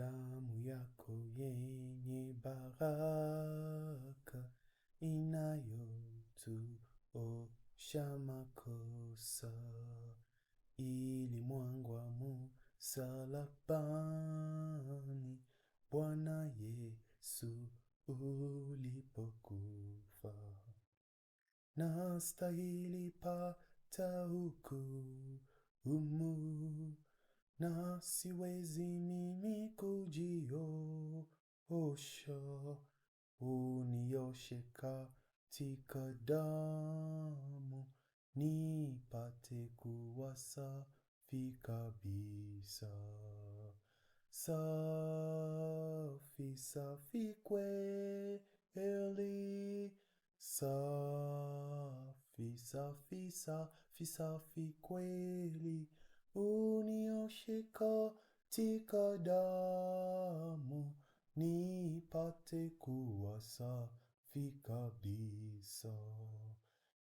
damu yako yenye baraka inayotuosha makosa, ilimwagwa msalabani, Bwana Yesu ulipokufa. Nastahili pata hukumu na siwezi mimi kujiosha, unioshe katika damu, nipate kuwa safi kabisa. Safi safi kweli, safi safi safi safi kweli unioshe katika damu, nipate kuwa safi kabisa.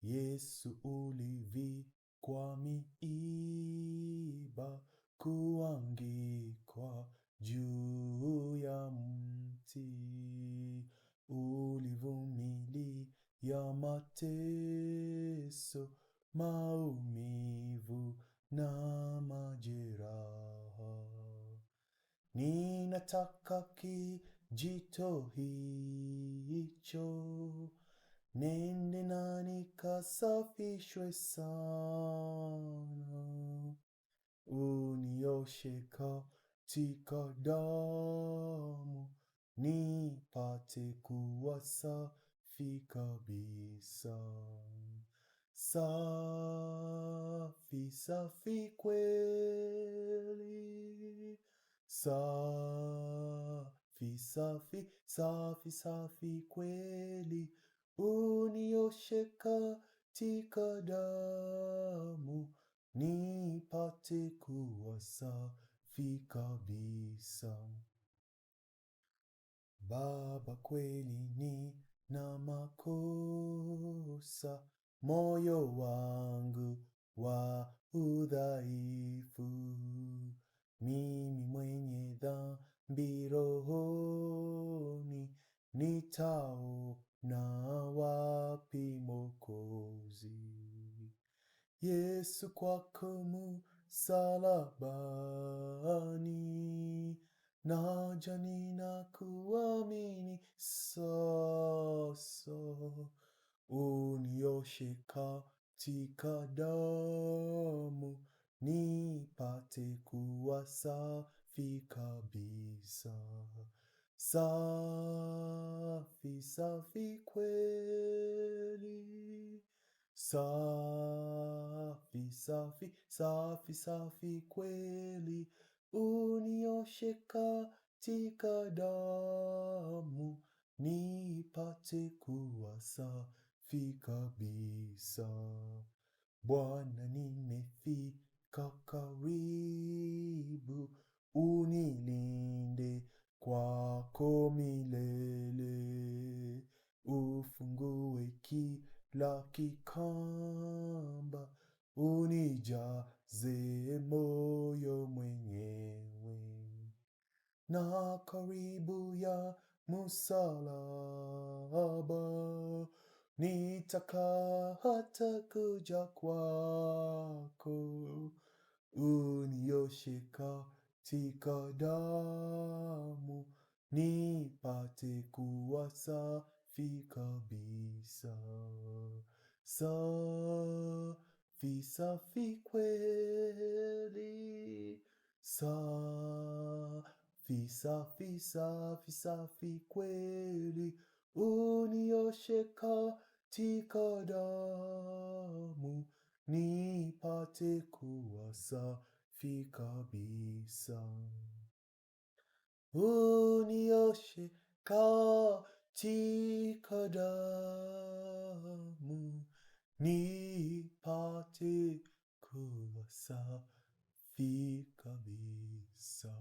Yesu ulivikwa miiba, kuangikwa juu ya mti, ulivumilia mateso, maumivu na majeraha. Ninataka kijito hicho, nende na nikasafishwe sana, unioshe katika damu, nipate kuwa safi kabisa. Safi, safi kweli. Safi, safi, safi, safi kweli. Unioshe katika damu, nipate kuwa safi kabisa. Baba, kweli ni na makosa moyo wangu wa udhaifu, mimi mwenye dhambi rohoni, nitaona wapi Mokozi? Yesu kwako msalabani, naja ninakuamini sana unioshe katika damu, nipate kuwa safi kabisa. Safi, safi kweli, safi, safi, safi, safi kweli, unioshe katika damu, nipate kuwa safi safi kabisa. Bwana nimefika karibu, unilinde kwako milele, ufungue kila kikamba, unijaze moyo mwenyewe na karibu ya musalaba nitakaa hata kuja kwako, unioshe katika damu, nipate kuwa safi kabisa. Safi safi kweli, safi safi safi safi kweli, unioshe katika Tikadamu damu nipate kuwa safi kabisa. Unioshe katika damu nipate kuwa safi kabisa.